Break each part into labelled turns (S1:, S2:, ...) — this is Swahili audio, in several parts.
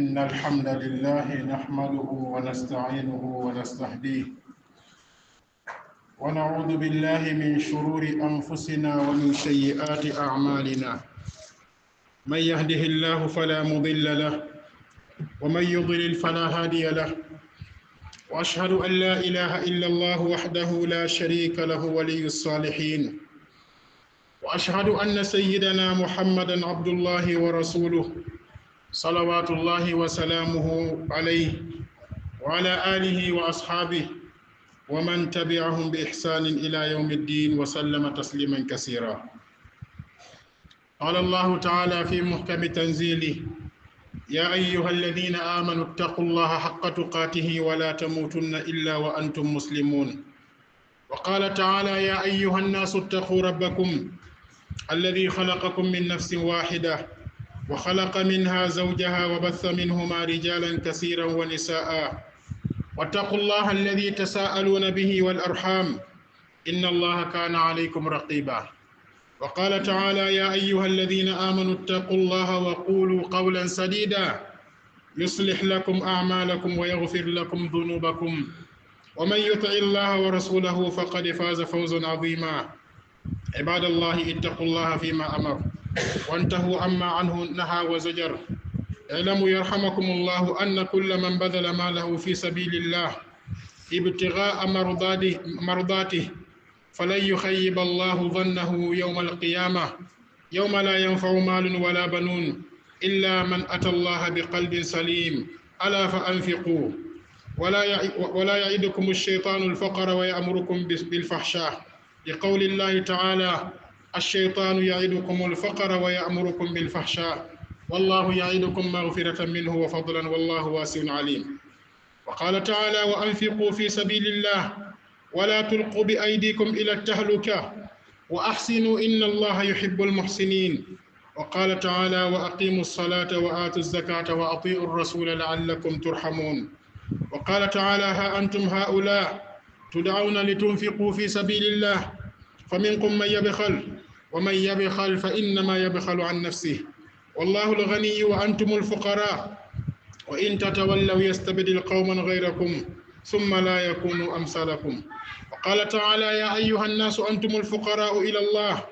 S1: إن الحمد لله نحمده ونستعينه ونستهديه ونعوذ بالله من شرور أنفسنا ومن سيئات أعمالنا من يهده الله فلا مضل له ومن يضلل فلا هادي له وأشهد أن لا إله إلا الله وحده لا شريك له ولي الصالحين وأشهد أن سيدنا محمدا عبد الله ورسوله صلوات الله وسلامه عليه وعلى آله وأصحابه ومن تبعهم بإحسان إلى يوم الدين وسلم تسليما كثيرا قال الله تعالى في محكم تنزيله يا أيها الذين آمنوا اتقوا الله حق تقاته ولا تموتن إلا وأنتم مسلمون وقال تعالى يا أيها الناس اتقوا ربكم الذي خلقكم من نفس واحده وخلق منها زوجها وبث منهما رجالا كثيرا ونساء واتقوا الله الذي تساءلون به والارحام ان الله كان عليكم رقيبا وقال تعالى يا ايها الذين امنوا اتقوا الله وقولوا قولا سديدا يصلح لكم اعمالكم ويغفر لكم ذنوبكم ومن يطع الله ورسوله فقد فاز فوزا عظيما عباد الله اتقوا الله فيما امر وانتهوا عما عنه نهى وزجر اعلموا يرحمكم الله أن كل من بذل ماله في سبيل الله ابتغاء مرضاته, مرضاته فلن يخيب الله ظنه يوم القيامة يوم لا ينفع مال ولا بنون إلا من أتى الله بقلب سليم ألا فأنفقوا ولا ولا يعدكم الشيطان الفقر ويأمركم بالفحشاء لقول الله تعالى الشيطان يعدكم الفقر ويأمركم بالفحشاء والله يعدكم مغفرة منه وفضلا والله واسع عليم وقال تعالى وأنفقوا في سبيل الله ولا تلقوا بأيديكم إلى التهلكة وأحسنوا إن الله يحب المحسنين وقال تعالى وأقيموا الصلاة وآتوا الزكاة وأطيعوا الرسول لعلكم ترحمون وقال تعالى ها أنتم هؤلاء تدعون لتنفقوا في سبيل الله فمنكم من يبخل ومن يبخل فإنما يبخل عن نفسه والله الغني وأنتم الفقراء وإن تتولوا يستبدل قوما غيركم ثم لا يكونوا أمثالكم وقال تعالى يا أيها الناس أنتم الفقراء إلى الله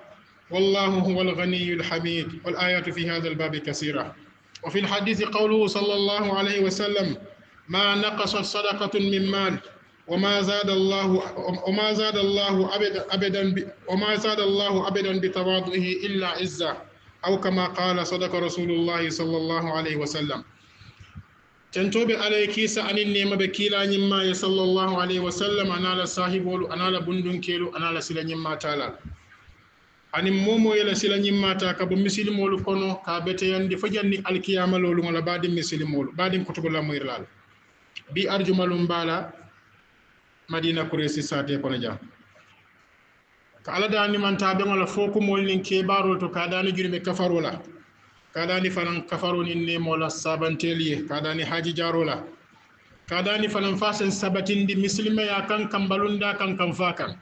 S1: والله هو الغني الحميد والآيات في هذا الباب كثيرة وفي الحديث قوله صلى الله عليه وسلم ما نقصت صدقة من مال وما زاد الله وما زاد الله ابدا ابدا وما زاد الله ابدا بتواضعه الا عزا او كما قال صدق رسول الله صلى الله عليه وسلم تنتوب عليك كيسا ان النيم بكيلا نيما صلى الله عليه وسلم انا لا صاحب انا لا بندن كيلو انا لا سلا نيما تعالى ان مومو يلا سلا نيما تا كب مسلم مول كونو كا بتيان دي فجاني القيامه لولو ولا بعد مسلم مول بعد كتب الله مير لال بي ارجو مالو مبالا madina kuresi sate kono jam ka ala dani mantaɓeŋola fo kumol nin kebarol to ka dani jurime kafarola ka dani fanan kafaronin nemola sabantel ye ka dani haji jarola ka dani fanan fasen sabatindi misilimaya kan kan balunda kan kan fa kan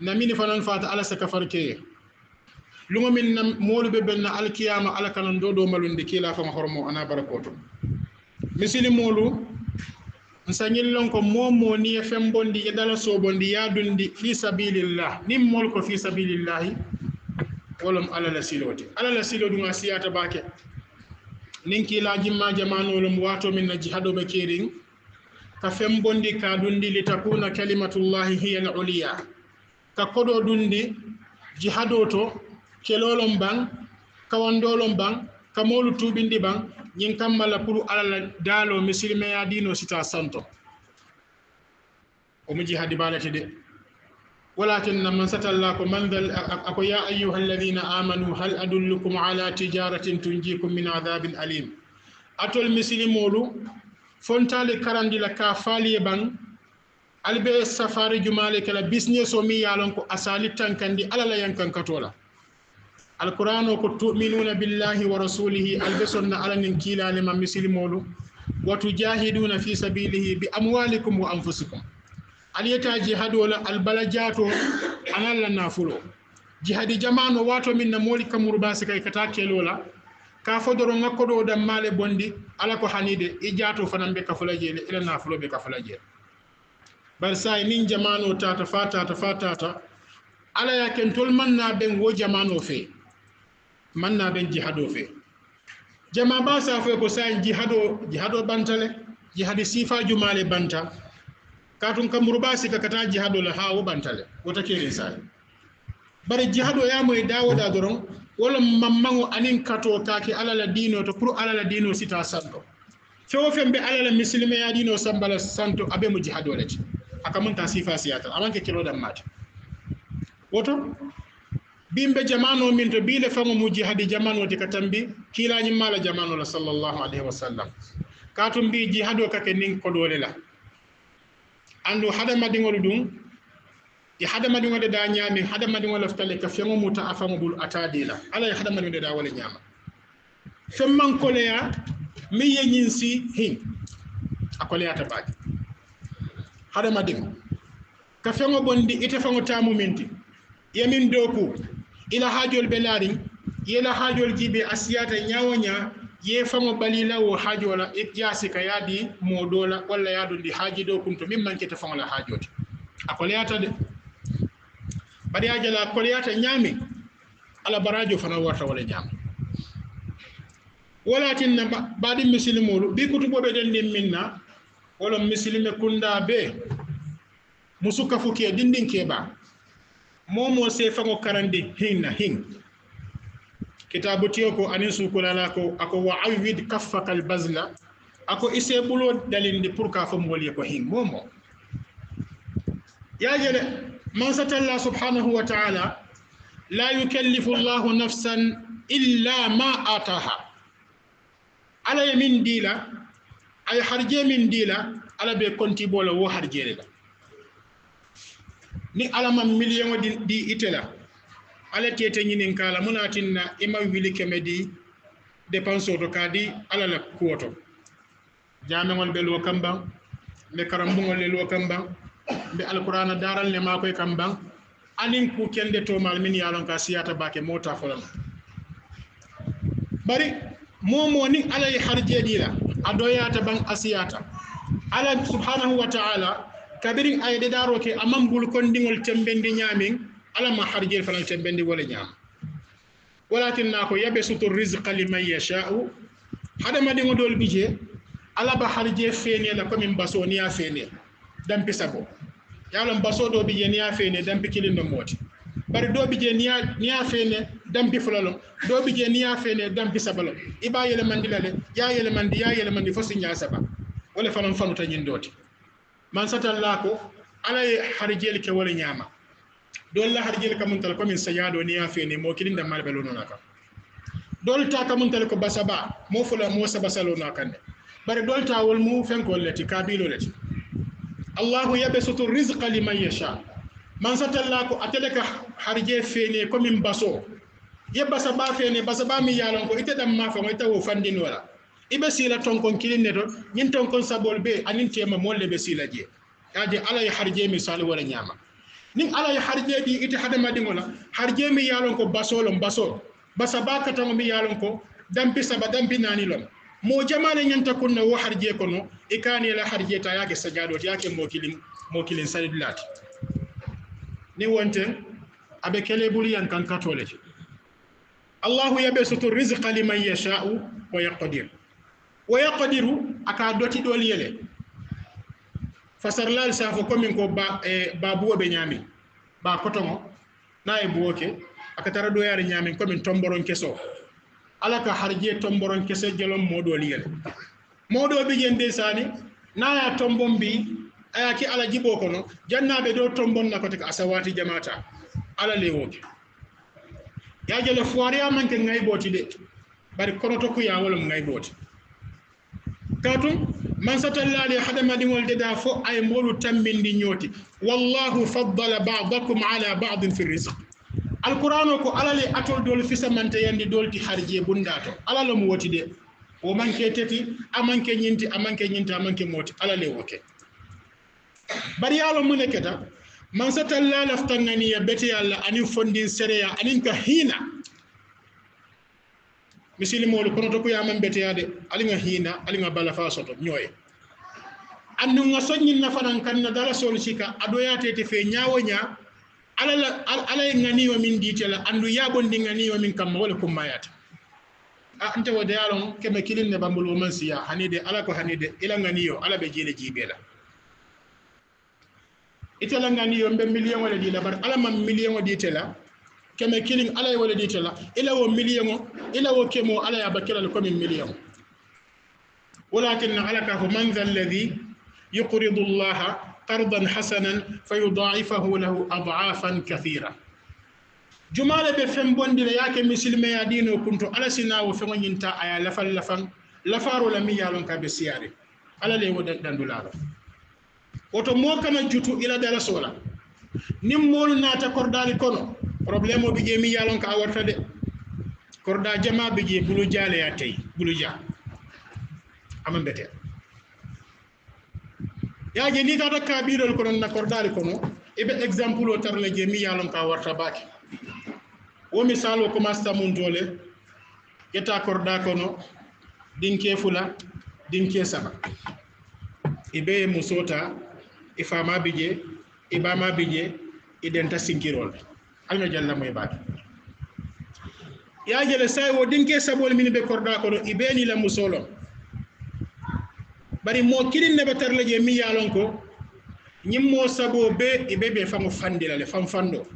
S1: namini fanan fata ala sa kafar keye lugo min na moolu be benna alkiyama ala kanan do do malunde kila fama hormo ana barakoto misili moolu nsañin ko momo ni e fembondi e dala sobondi yadundi fi sabilillah nin mol ko fi sabilillahi wolom ala la silote ala la silo ɗum a siyata bake nin kilajimma jamanolom wato min na be kerin ka fembondi ka dundi li takuna kalimatullahi hiya l uliya ka koɗo dundi jihaɗo to kelolon ban kawandolon ban ka molu ban ñin kammalla pour alala daalo mi silmeya ɗino sita santo omi ji hadi baalete de walakinna man satalla ko mandal ako ya ayuha alladina amanu hal adullukum ala tijaratin tunjikum min adabin alim atol mi silimolu fontali karandila ka faaliye ban albe safari jumale kala business o mi yalon ko asali tankandi alala yankankatola alqouran o ko tuminuna billahi wa rasulihi albesonna alanin kiilale ma misilmolu wa tujahiduna fi sabilihi bi amwalikum wa anfusikum aliyetaji hadola albala jato analla nafulo jihadi jamano wato minna moli kamuru basi kay kata kelola ka fodoro ngakkoɗo dammale bondi ala ko hanide i jato fanan ɓe kafula jeele ila nafulo ɓe kafula jeele bar say min jamano tata fa tata fa tata ala yaken tolmannaɓen wo jamano fewi manna ɓen jihadoo fee jama mbasa fee ko sahen jihaɗo jihaɗo bantale jihade sifaju maale banta ka tun kamburu ɓa sika kata jihaɗo la haa wo bantale wota keerin sahe bare jihaɗo yamo e dawoɗa doron wala mammago anin kato kaake alala dino to pour alala dino sita santo fewo fen ɓe alala musilme yaɗino sambala santo aɓe mo jihaɗo lete aka munta sifa siyatal amanke keloɗan mate woto bimbe jamano min to bile fango mujji hadi jamano ti ka tambi mala jamano la sallllahu alayhi wa sallam ka to mbi jihad o kake nin koɗole la andu di ɗum e hadamadiŋode da ñaami hadamadiŋo leftale ka famo muta afamu bul ɓul atadi la ala e hadamadiŋode da wala ko leya mi ye nyin si hin a koleyata baake hadamadiŋo ka famo bondi ite famo tamu minti yamin doku ila haajol ɓe laarin yena haajol jiɓe a siyata ñawoña ye famo ɓalilawo haajola yaasi e ka yaadi moodola walla yaadu ndi haaji ɗo kun to min manquete famola haajote a koleyata de baɗiyajola koleyata ñaami ala barajo fana warta wala ñaami wala tinna baɗin misilimolu ɓi kutuɓoɓe ɗen ndin minna wala misilime kunda be musukka fukie dindinkeba momo se fango karande hin na hin kitabu tiyo ko anin ako wa awid kaffaka albazla ako ise bulo dalinde pour ka fo mol ko hin momo ya jele man satalla subhanahu wa ta'ala la yukallifu allah nafsan illa ma ataha ala yamin dila ay harje min dila ala be konti bolo wo harjere la ni alamam million o ɗi itela ala tiyete ñinin kala munatinna ima wili keme di dépense oto ka di ala la kuwoto jamegon ɓe lo kam ban ɓe karambugol le lo kam ban ɓe alqurana daral ne makoye kam ban anin ku kende tomal min yalon ka siyata bake mota folan bari momo ni alaye harjeɗila a doyata ban a siyata ala subhanahu wa taala kabirin ayde daro ke amam bul kondigol tembendi ñamin alama harjel fanal tembendi wala ñaam walatinna ko yabe sutu risqa liman yashau hadama ɗigo dol bije alaba harje fenela komin baso niya fene dampi sabo yalon baso ɗo bije niya fene dampi kilinno mooti bari ɗo bije niya niya fene dampi fulalo ɗo bije niya fene dampi sabalo iba yelemandi lale ya yelemandi ya yelemandi fo si ña saba wala fanan fanuta ñindoti man satalla ko ala ye harjel ke wala nyama dol la harjel ka mun tal ko min sayado ni afi ni mo kilin da mal be lono naka dol ta ka tal ko basaba mo fula mo sabasa lono kande bare dol ta wol mu fen ko leti kabilo leti allah yabsutu rizqa liman yasha man satalla ko ateleka harje fene ko min baso ye basaba fene basaba mi yalon ko ite dam ma fa ite wo fandin wala ibe sila tonkon kilinne to ñin tonkon sabol be anin tema molle be sila je yaade ala ye harje mi sali wara ñama nin ala ye harje ɗi ite hadama ɗi gola harje mi yalon ko basolon baso basa ba katango mi yalon ko dampi saba dampi nani lon mo jamane ñanta kunna wo harje kono e kani la harje ta yaake sañaɗo to yaake mokilin mokilin salidi laati ni wonten aɓe kele buriyan kan katolete allahu yaɓe sotu risqa liman yachau wa yaqdir wo yaqdiru aka doti ɗol yele fasarlal safo commin ko ba eh, babuwo ɓe ñaamin ba kotongo na e mbowoke aka tara ɗoyaari ñaamin commin tomboron keso ala ka harje tomboron kese jelon moɗol yele moɗo ɓijen de sani naya tombon mbi ayaki ala jibo kono jannaɓe ɗo tombon na kote ko asawati jamata ala lewoke yajele foiri amanke ngayboti de bari kono tokkuya wolom ngayboti kaa tun man satallaali hadamadiŋol deda fo aye moolu tambindi ñooti wallahu faddala badakum ala badin fi risk alqur'an o ko ala le atol dool fisamante yandi dool ti har jee bundaato ala lomo woti de o manke teti a manke ñinti a manke ñinti a manke mooti ala le woke bari yaalo mune keta man satallaa laftanganiya beteyalla anin fondin séréya anin ka hiina mi silimoolu kono to kuyama mbeteyaade aliŋa hiina aliŋa bala faa soto ñooye anniŋa soñin nafanan kan na dala soolu sika adoyaateete fee ñaawo ñaa alala ye ŋaniiwo min diite la andu yaabondi ŋaniiwo min kamma wo le kummayaata a ah, nte wo deya loŋ keme kiliŋ ne bambulu woman siya hanide ala ko hanide ila ŋaniyo ala be jiile jiibee la itela ŋaniyo mbe miliyoŋo le dii la bari ala ma miliyoŋo diite la keme kilin ala ye wale dite la ila wo miliyoŋo ila wo kemo ala ye bakila le komin miliyoŋo walakinna ala ka fo man dha alladi yuqridu llaha qardan hasanan fayudaifahu lahu adafan kathira jumale be fen bondire yake misilmeya dino kunto ala sinawo feŋo ñinta aya lafan lafan lafaro la min ye lon ka be siyare ala le wo dandulala woto mo kana jutu ila dala sola nin moolu naata kordaali kono probléme o bijee mi yaalon ko a warta de korda jama bijee bulu jaaleya tey bulu dia ama mbetel yaaje ni tata ka ɓiirol ko noon nakkordaali kono eɓe exemple o tarle je mi yaalon ko a warta baake wo misal o commence tamum doole ƴetta korda kono ɗinke fula ɗinke saba e ɓeye mo soota e faama bijee e ɓama bijee e ɗenta sinkirolde alno jalla moye baake jele say wo dinke sabol min be korda kono i ɓeeni la musolon bari mo kilin neɓe tarle je mi yalon ko ñimmo sabo be i ɓe ɓe famo le fam fando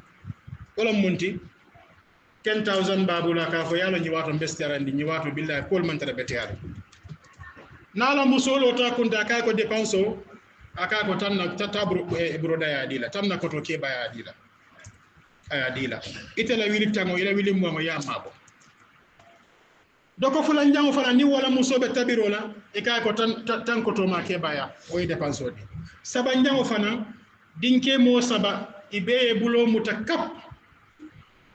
S1: olon munti 10000 babula ka fo yalo ñiwato bestarandi ñiwato billahi kol mantata beteyade naala musolo ta kunta ka ko dépense o aka ko tan na tabro e eh, broda yaadila tan na koto keɓa yaadila aya dila itela wili tango ila wili mwango ya mabo doko fula njango fana ni wala musobe tabiro ika ko tan, tan, to ma baya o ide pansodi saba njango fana dinke mo saba ibe bulo mutakap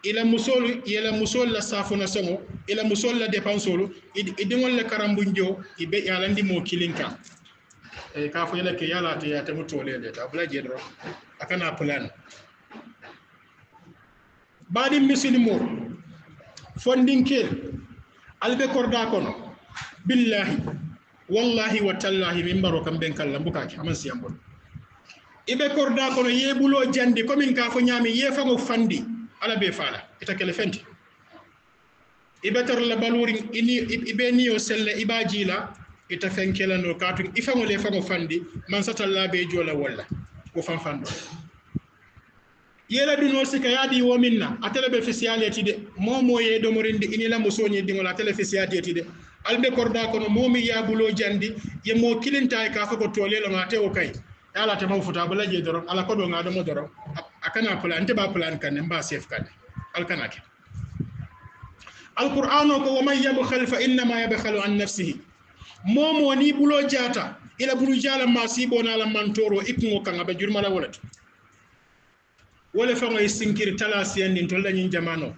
S1: ila musol ila musol la safuna songo ila musol la depensolo idingol la karambu njo ibe yala ndi mo kilinka e ka fo yala ke yala te ya te mutolele ta bula jedro akana plan baɗin misilimo fondinkel albe korda kono billahi wallahi watallahi min mbaro kam ɓen kallah mbukaki aman siyam bon eɓe korda kono yeɓulo jandi komin ka fo ñami yefango fandi ala be faala itakele fenti iɓe torla balwuri iɓe niyo selle iɓa jiila ita fenkelano katu ifango le fango fandi man satallah be joola walla ko fanfanɗo yeladu noon sika yaadi womin na a tele ɓe fisiyaleti de momo yeɗomorindi inila mo soñidiŋol a tele fisiyatieti de alɓe korda kono momi yabulo jandi yemo kilinta e ka foko tolelong a tewo kay e ala temaw futabolaje doron ala koɗongaɗomo doron a kana plan nteɓa plan kanne mba sef kanne alkanake alquran o ko woman yabhal fa innama yabhalu an nafsihi momo ni ɓulo jata ila ɓulu jalanma siɓonalamman toro ipugo kan aɓe jurmalawolat wole feŋo ye sinkiri tala siyandin tolu tol ñiŋ jamano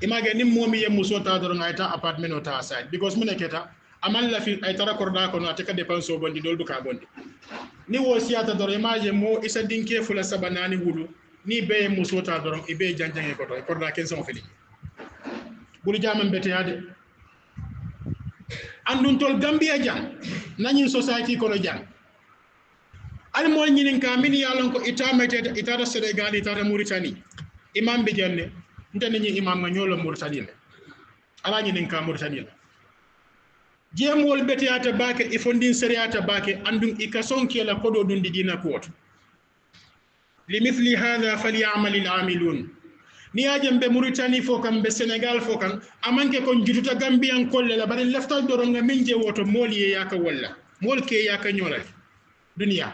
S1: i maŋ momi niŋ moo miŋ ye musoo ta doroŋ a ye taa o taa saaj because mune ne keta amal la lafi a ye tara korodaa kono ate ka dépensoo bondi doolu buka bondi ni wo siyaata doroŋ i maŋ je moo i sa dinkee fula saba wulu ni bee ye musoo taa doroŋ i bee janjaŋe koto i ken kenseŋo fele bulu jaamaŋ beteyaa de anduntol gambiya jaŋ nañiŋ society kono animol ñinin ka min yalonko itameteede itata sénégal itata mauritani imam be jenne ntani ñi imam ga ñoolo mauritani le ala ñinin ka mauritani le jeemowol beteyata baake i fo ndin sériyata baake andum i kasonkela kodo dundi dina kuwoto li mithli hada faliyamal il amilun ni yajem ɓe mauritani fo kam ɓe sénégal fo kan amanke kon jututa gambiyankolle la bari leftal doronga min jewoto mool yeyaka wolla mool keyaka ñoolal duniya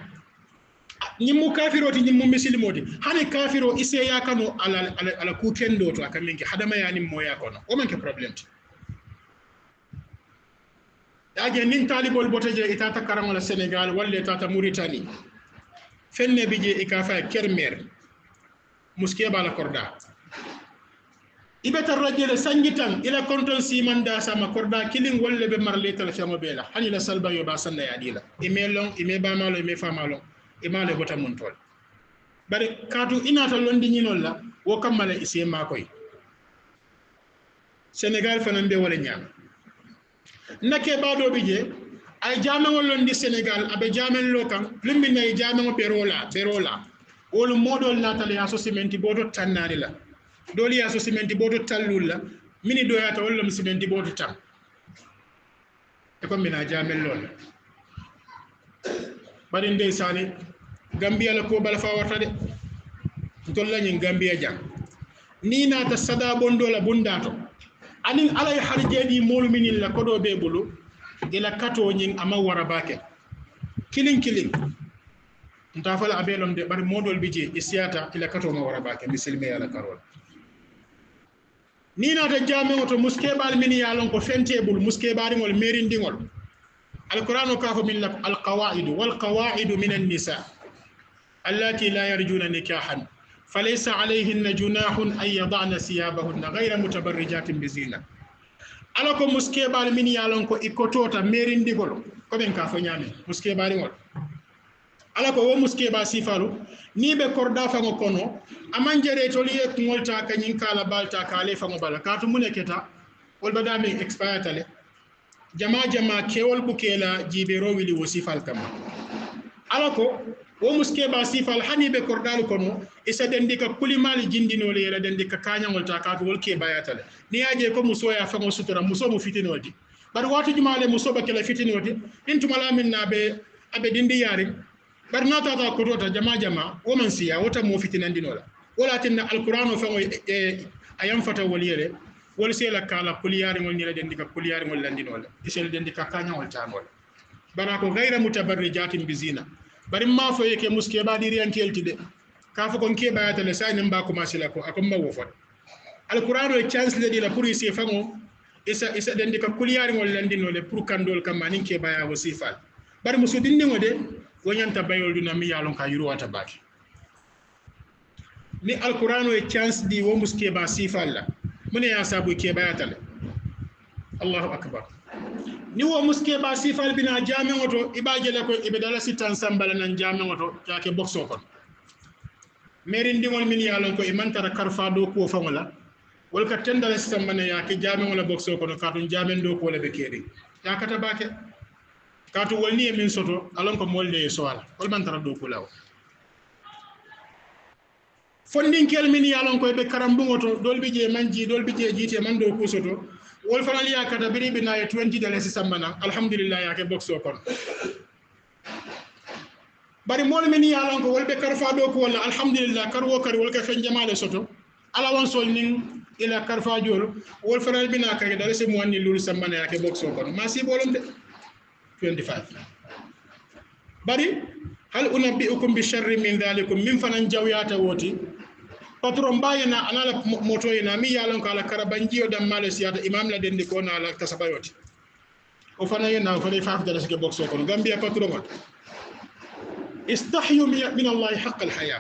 S1: ñiŋ mu kafiro ti ñiŋ mu misilimoo ti hani kafiroo iseeyaa kanu ala ala ala kuutendoo to a ka miŋ ke hadamayaa niŋ mooyaa kono wo maŋ ke ti yaa je niŋ taalibolu bota je i taata karaŋo la sénégal walla i taata muritani feŋ ne bi je i ka faa kermeer muskee baa la kordaa i be tara je le sanji i la sama korda kiliŋ walla be maraleeta la feŋo bee la hani i la salbaŋ yo baa sanna dii la i loŋ i baamaa loŋ i mee faamaa loŋ e maalo e bota mum toon bare kaatu inata londiñinol la wo kammala i e sie maa koye sénégal fana nde wala ñaama nake baadooɓe je ay jaamego londi sénégal aɓe jaamenlo kan lumbinayi jaamego berola berola wolu mooɗol naatala yaa sosimenti booto tannaani la dooli yaa sosimenti booto tallul la mini doyata wollam simenti booto tan e ko mbina jaamenlo la baɗi ndeysaani gambia la ko bala fa warta de tol nyin gambia jang ni ta sada bondo la bundato anin alay harjeeɗi molminin la bulu de la kato katoñin ama wara bake kilin kilin nta la abelon de ɓari modol bije ci isiata ila katoma wara bake mi ala karol ni ta jame o to bal min lon ko fenteɓol muskeɓariŋol merindiŋol alquran o kafo min la wal qawaid min annisa allati la yarjuna nikahan falaysa alayhinna junahun an yadana siyabahunna gayra mutabarrijatin bizina alako ko muskeɓal min yalon ko ikkotota merindigol koɓen ka fo ñamen muskeɓaligol alako wo muskeɓa sifalu ni ɓe korda fango kono aman jeretol ye kuŋolta kañin kala balta kale fango bala kaatu mune keta wolɓada min expayatale jama jama kewol ɓukela jiɓero wili wo sifal kama ala wo muskeɓa sifal hani ɓe korɗalu kono e saɗen ndi ka kulimali jindinole yela ɗen ndi ka kañagol ta kaatu wol kebayatale ni yaje ko muso ya fango sutura muso mo fitinoldi bar watu muso jumale musoɓa kela fitinoti ɗin tumalamin be abe dindi yaari bar ko kotota jama jama man siya wotan mo fitinandinola wala tinna alquran o fego e eh, eh, a yanfata wol yele wol seela kala kuliyarigol nila ɗen ndi ka kuliyarigol landinole e sele ɗen ndi ka kañagol tanole bana ko gaira mutabarrijatin bizina bari ma fo yake muske ba diri an kelti de ka fo kon ke ta le sai nin ba kuma la ko akon ma wofot alqur'anu chance le la pour isi fango isa isa den ka kuliyari ngol le ndino le pour kandol kam manin ke ya wo sifal bari musu ni ngode ta bayol na mi lon ka yuru wata baki ni alquran e chance di wo muske ba sifal la mune ya sabu ke ta le allahu akbar ni wo muske ba sifal bina jameŋo to i ɓa jele koy iɓe dala sittan sambala nan jameŋo to jake boxo kon mairin ndiŋol min yalon ko i mantara karfa do kuo faŋo la wolka ten dala sambana yake jameŋo la boxo kono katum jamen do kuo la ɓe keeri yakata bake katum wol ni ye min soto alon ko molle ye sowala wol mantara do kuo lawo fondinkel min yalon koye ɓe karambuŋo to dolɓi je man ji dolɓi je jiite man do kuo soto wol fana liya kata biri bina ye 20 dale sisan mana alhamdulillah ya ke box o kono bari moolu men ye ko wol be karfa do ko wala alhamdulillah kar woo kar wol ka fen jamaale soto ala won sol nin ila karfa jol wol fana bina ka dale se mo ni lulu samana ya ke box o kono ma si bolum de 25 bari hal unabbiukum bi sharri min dhalikum min fanan jawyata wooti patron mbaye na anala moto na mi yalon ko ala karabanjiyo dam male siyata imam la dendi ko na la tasabayoti o fana yena o fana faaf dala sike box ko gambia patron ko istahyu min allah haqq al haya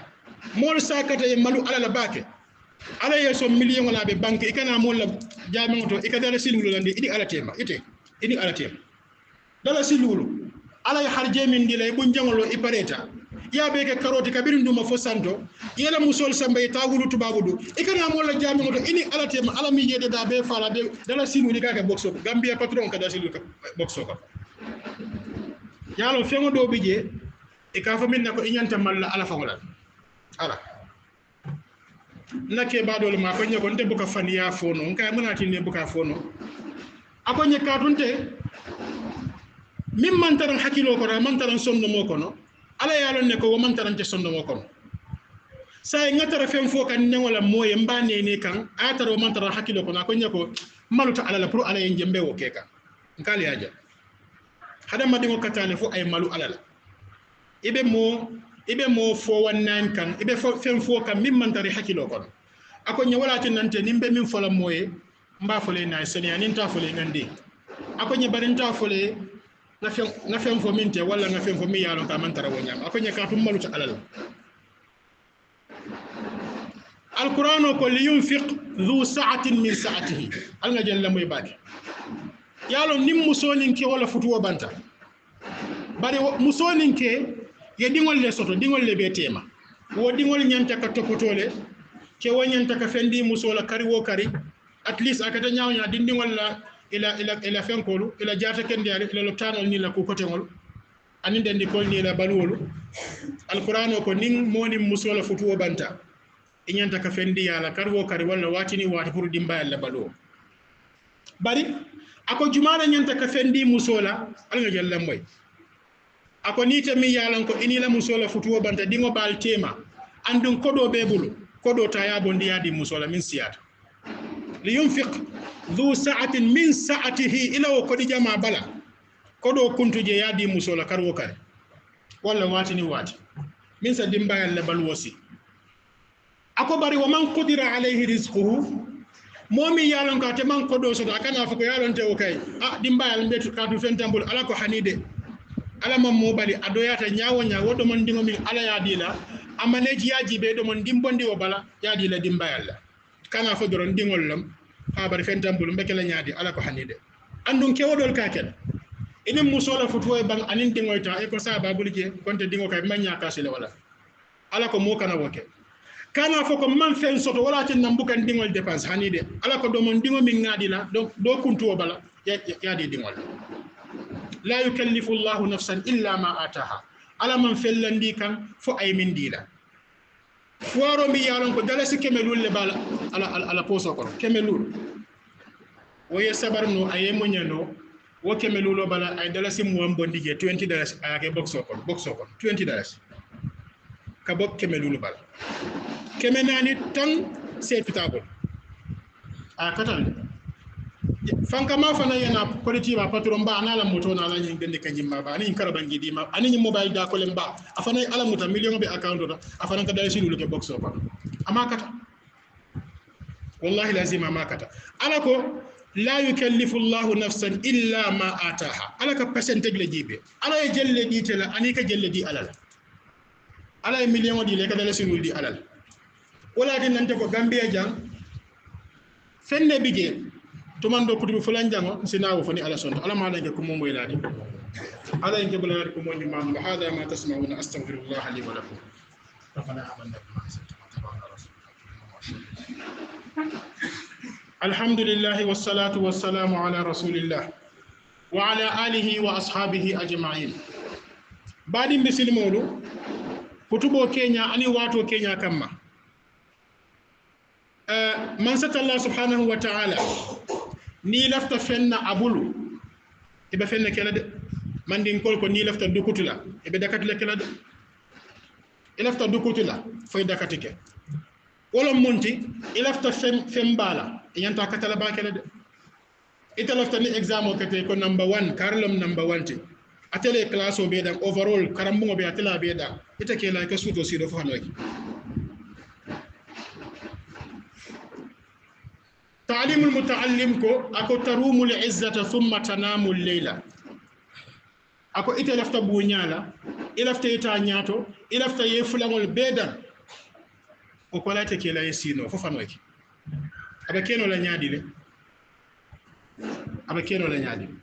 S1: mol sakata e malu ala la bake ala yeso million la be banque ikana mol la jami to la silulu lande idi ala tema ite idi ala tema dala silulu ala harje min dile bu njangolo ipareta e yaɓe ke karoti kaɓiri nduma fo santo yela musol samba e tagulu tubagudu e kana molla jamingoto ini alatema alami yeɗeɗa ɓe fala de dala simuni kake boxo gambia patron kada silu boxo kam yalo feŋo ɗo ɓe je e ka fo min na ko iñanta malla ala faŋolal ala nake baɗol ma koñe ko nte buka faniya fono nka mënatinne buka fono akoñe katunte min mantaran hakkilo kono mantaran somnomo kono ala ye a lon ne ko womantarante tarante sondomo kono saye ŋa tara feŋ fo kan neŋo la moo ye mba nene kaŋ a ye tara woman tara hakkilo kono a ko ñe ko maluta ala la pour ala ye jembe wo ke kaŋ nka le ye a jam hadamadiŋo ka taa ne fo a ye malu ala la i be moo i be moo fo wannaani kaŋ i be feŋ fo kaŋ miŋ maŋ i hakkilo kono a ko ñe wala nante niŋ be miŋ fo la moo ye n fo le ye seneya niŋ fo le ye a ko bari n taa fo le na fen fo min te walla na fen fo min yaalon ka mantara wo ñaama akoñe ka tum maluta alal alquran o ko li yunfiq saatin min saatihi alga jen lamoy baake yaalon nin musoninke wala futuwo banta bari musoninke ye ɗiŋol le soto ɗiŋol le ɓe tema wo ɗiŋol ñanta ka toppotole ke wo ñanta ka fendi musola kari wo kari at least akata ñawña ɗin ɗiŋol la ila ila ila fenkolu ila jata kendiyalu ila loptanol ni la ku koteŋol anin dendikol ni la baluwolu alqur'an o ko nin moni musola futuwo banta i ka fendiyala kar wo kari walla watini wati pour dimba la balu bari ako jumana ñanta ka fendi musola alga jallan moy ako ni tami yalan ko inila musola futuwo banta dingo baal tema andun kodo bebulu kodo koɗo ta yabo ndiyadi musola min siyata liyunfiq dhu sa'atin min sa'atihi ila wo kodi jama bala kodo je yadi musola kar wo kare walla wati ni waati min sa dimba yalla bal wosi ako bari wa man qudira alayhi rizquhu momi yalon ka te man kodo so akana fo ko yalon te o kay a dimbayal mbetu ka tu fen tambul ala ko hanide ala mam mo bali ado yata nyawo nyawo do man dingo min ala la amane ji yaji be do man dimbondi o bala yadila dimbayal la kana fo doron dingol lam ha bar fentam bulu mbeke la nyaadi ala ko hanide andun kewodol kakel inin musola futuwo e ban anin dingol ta e ko sa babul je konte dingo kay manya kasile wala ala ko mo kana woke kana fo ko man fen soto wala tin nambukan dingol dépense hanide ala ko do mon dingo min ngadi la donc do kuntuwo bala yaadi dingol la yukallifu llahu nafsan illa ma ataha ala man fellandi kan fo ay min dila waro mbi yalon ko dalasi kemelul le bala ala ala, ala poso kono kemelul woye ye no aye moñano wo o bala ay dalasi muwam bondige 20 dalasi ayake boxo kono boxo kono 20 dalasi ka bok kemelulu bala kemenani tan se tutabol a katal fanka ma fana yana kwaliti ba patron ba na la moto na la ni ngende kanjin ma ba ni kara bangi di ma ani ni mobile da kolen ba afana ala muta million be account da afana ka dai shiru ke box ba amma kata wallahi lazim ma kata ala ko la yukallifu llahu nafsan illa ma ataha ala ka percentage le jibe ala ye jelle di tela ani ka jelle di alal ala ye million di le ka dai shiru di alal wala din nan ko gambia jang fenne bije تمان دو do فلان fulan jango فني على ala sonto ما ma lanke مو يلادي moy ladi بلا yanke bulana ko mo ni mamu hada ma tasma'una astaghfirullah ربنا آمنا بما أنزلت الحمد لله والصلاة والسلام على رسول الله وعلى آله وأصحابه أجمعين بعد مولو كتبو كينيا أني واتو كينيا كما من ستى الله سبحانه وتعالى ni lafta fenna abulu e ibe fenna kela de mandinkol ko ni lafta dukutula ibe dakati le kela de ilafta e dukutula foy e dakati ke wala munti e lafta fem fem bala yanta katala ba kela de ita lafta ni exam o kete ko number 1 karlam number 1 ti atele class o be dan overall karambu o be atela be dan ita kela ke suto sido fo hanoki taalimu mutaallim ko ako tarumul izzata summa tanamul leyla ako ite lafta buñala ilafta yita ñaato ilafta ye fulaŋol bee dan o kolate ke la sino fo fan ke aɓa keno la ñaadi le aɓa keno la ñaadi le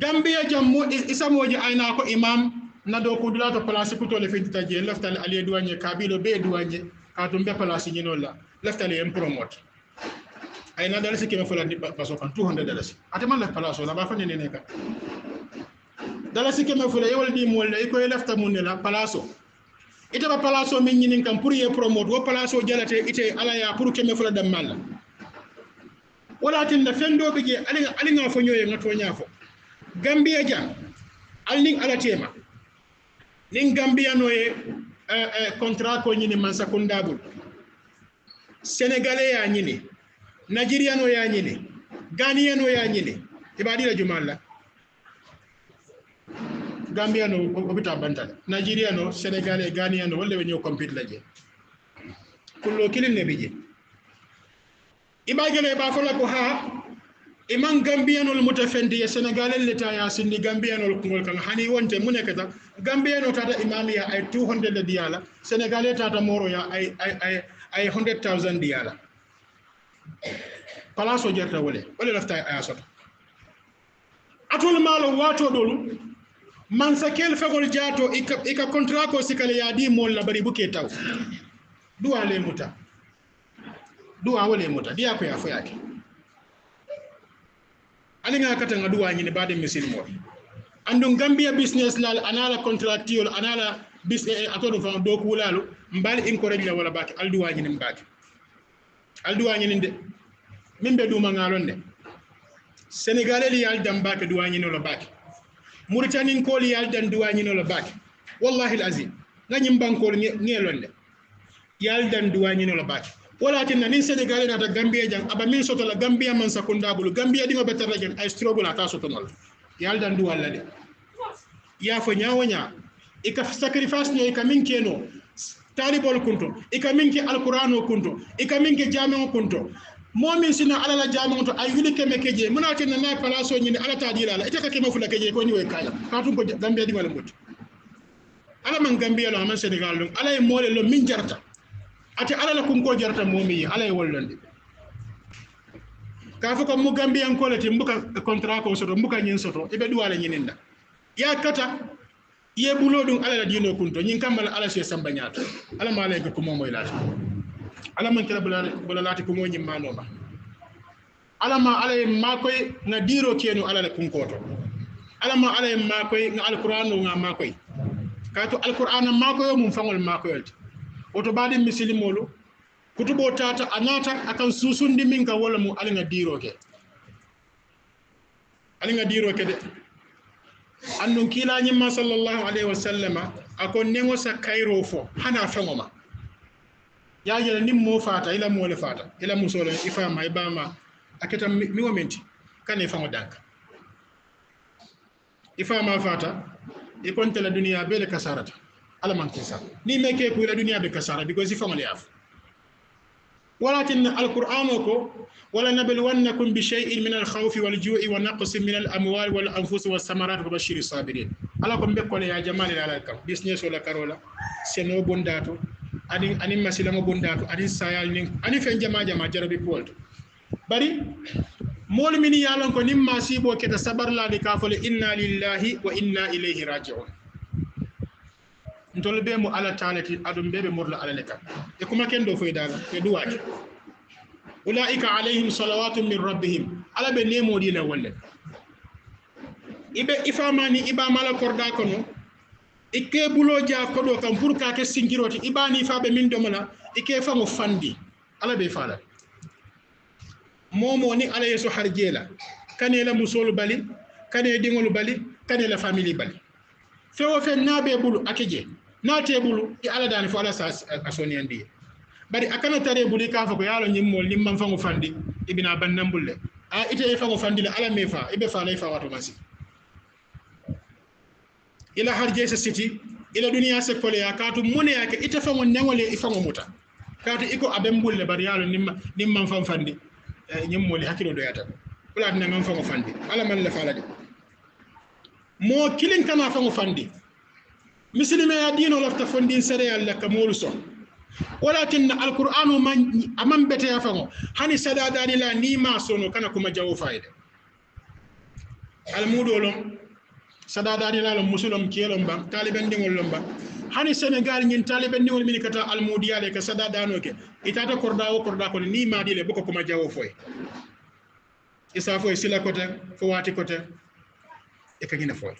S1: gambiya jammu isamoji ayna ko imam nado ko to place kutole fentita je leftale aliye duwañe kabilo bee duwañe ka to be place ñinol la leftale en promote ay na dalasi keme fulani paso kan 200 dalasi ate man la palaso na ba fa nene ka dalasi keme fulani yewal di mo le ko lefta mun la palaso ita ba palaso min nyinin kan pour ye promote wo palaso jalate ite ala ya pour keme fulani dam malla wala tin da fendo be je ali ali nga fo nyoye ngato nyafo gambia ja alning ala tema nin gambia no ye contrat eh, eh, ko nyini man sakundabul sénégalais ya nyini Nigerian no y'a ɲini Ghanaian o y'a ɲini i b'a dira juma la Gambian o o Senegal e o no wolle wenyo ɲɔgɔn compete lajɛ kulo kelen de bɛ jɛ b'a gɛlɛya la ko ha i man Gambian olu mɔtɛ fɛn Senegal le ta y'a sindi Gambian olu kunkolo kan hani wonte wɔn tɛ gambia no tata Imamiya ay 200 diala hundred de di Senegal taata Moro ya ay ay ay 100000 diala place o jerta wole wole lafta aya sota atol maalo waato ɗolu mansa sa fagol fegol jaato ika contrat ko sikale yaadi mool labari buke taw duwa le muta duwa wole muta diya koya foyaake aliŋa katanga duwa ñini baade misil mool andun gambia business lal anala contractiol anala bis eh, eh, atoɗo fan dokuwulalu mbaali encourage la wala baake alduwa ñini mbaake alduwañinin de min ɓe ɗumagalon de sénégalais li dan bake duwañinolo bake mauritanin koli yaldan duwañinolo bake wallahi l asim gañin bankol ŋelon de yaldan duwañinolo bake walatinna nin sénégalais nata gambie jang aba min sotola gambia man sakundabulu gambia ɗigo ɓe tarra jen ay strogul ata sotonola yaldan duwalla de yafo ñawo ña ika sacrifice ño ika min keno talibol kunto ika min ke alqur'ano kunto ika min ke jami'o kunto momin sina ala la jami'o to ay yuli keme keje muna tin na palaso ni ala tadila ala ita ka keme fula keje ko ni we kala ka ko gambe di wala mut ala man gambe ala man senegal dum ala e mole lo min jarta ate ala la jarata ko jarta momi ala e wollonde ka fo ko mu gambe en kolati mbuka contrat ko soto mbuka nyin soto ibe duwala nyininda ya kata ye bulo ɗum ala la dino kunto ñin kammala ala so samba ñaato ala ma alayka ko momoy laati ala man kira bola laati ko moñim manoma ala ma ala ma koy na diro kenu ala la kunkoto ala ma ala ma koy na alquran nga ma koy kato alquran ma koy mum fangol ma koy oto baade misilimolu kutubo tata anata akan susundi min ka wala mu ala nga diro ke ala nga diro ke de andun kila nyimma sallallahu alaihi wasallama ako nengo sa kairo fo hana feŋo ma ya jela nim mo fata ila mo le fata ila musolo ifa ma ibama aketa mi menti kane faŋo danka ifa ma fata iponte la dunia bele kasarata ala man kesa ni meke ku la dunia be kasara because ifaŋole mo ولكن القرآن كو ولا نبلونكم بشيء من الخوف والجوع ونقص من الأموال والأنفس والثمرات وبشر الصابرين علىكم بكل يا جمال عليكم بيسنيس ولا كارولا سينو بونداتو أني أني مسلم بونداتو أني سايل نين أني فين جماعة جماعة جربي بولت بري مول مني يالون كوني ماسي بو كده صبر لا لكافل إن لله وإنا إليه راجعون tolo ɓe mo ala talati aɗum ɓe ɓe morlo alale kan e kumaken ɗo foydaga ɓe ɗuwaki ulaika alayhim salawatu min rabbihim ala ɓe nemoɗile wolle iɓe ifamani iɓamala korda kono e keɓuloja ko ɗo kam pour kake singiroti iɓani faɓe min domona e ke famo fandi ala ɓe fala momo ni ala yeeso har jeela kanela musolu bali kane ɗigolu bali kanela famili bali fewo fe naɓe ɓulu akejee na tebulu i ala dani fo ala sa a soniyandi bari a kana tare buli ka fo ko yalo ñimmol nimman fango fandi ibina bannambulle a ite e fango fandi le ala me fa ibe fa lay fa wato masi ila har se siti ila duniya se koleya kaatu ke ite fango newole i fango muta kaatu iko aben bulle bari yalo nimma nimman fan fandi e, ñimmoli hakkilo doyata wala tinaman fango fandi ala man le fala de mo kilin kana fango fandi misilimaya diino lafta fondin séréal la ka moolu soŋ walakin alqur'anu man aman bete faŋo hani sadadani la ni ma sono kana kuma jawo fayde almudo lom sadadani la lom musulom kelom ba talibandiŋol lom ba hani sénégal ñin talibandiŋol min kata almudiyale ka sadadano ke itata korda wo korda kono ni madi le boko kuma jawo foye isa foye sila kote fo wati kote e kañina foye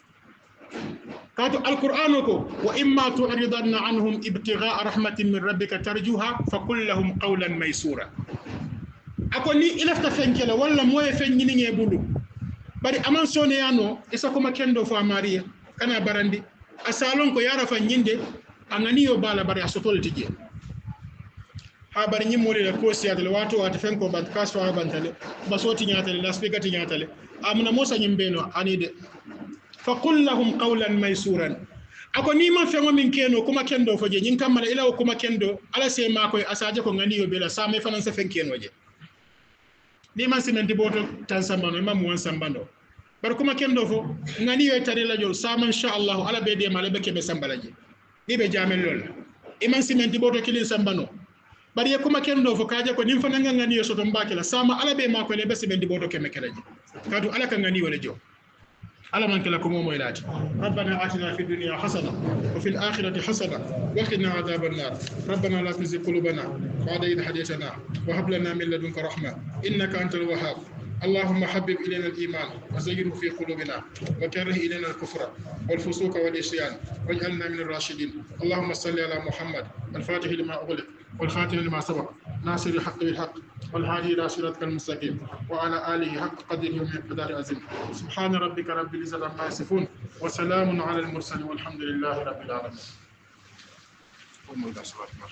S1: kaatu alqur'anu ko wa imma tu'ridanna anhum ibtigha'a rahmatin min rabbika tarjuha faqul lahum qawlan maysura ako ni ilafta fenkele walla moye feññiniŋe bulu bari aman soneyano isakoma kendo fo a mariya kana barandi a salon ko yara fanñinde a ganiyo bala bari a sotolti ha bari ñimmoli la koosi atale wato wata fenko bat kaso ha bantale basoti ñatale laspikati ñatale amna mosa ñim beno ani faqul lahum qawlan maysuran ako nima feŋo min keno kuma kendo fo je ñiŋ kammala ila wo kuma kendo ala se makoye asaje ko ganiyo be la sama fanaŋ se feŋ keno je niman simenti boto tan sambano ima muwan sambando bari kuma kendo fo ganiyo e tari la jol sama inchallahu ala be dema ala be keɓe sambala je ni ɓe jamen lol iman simenti boto kilin sambano bari ye kuma kendo fo kaje ko nin fanaŋ ga ganiyo soto mbake la sama ala be ko le be simenti boto keme kela je kaatu ala ka jo على من كلكم وميلات ربنا آتنا في الدنيا حسنة وفي الآخرة حسنة وقنا عذاب النار ربنا لا تزغ قلوبنا بعد إذ هديتنا وهب لنا من لدنك رحمة إنك أنت الوهاب اللهم حبب إلينا الإيمان وزينه في قلوبنا وكره إلينا الكفر والفسوق والعصيان واجعلنا من الراشدين اللهم صل على محمد الفاتح لما أغلق والخاتم لما سبق ناصر الحق بالحق والهادي الى صراطك المستقيم وعلى اله حق قدره ومقدار عظيم سبحان ربك رب العزه عما يصفون وسلام على المرسلين والحمد لله رب العالمين قوموا الى صلاتكم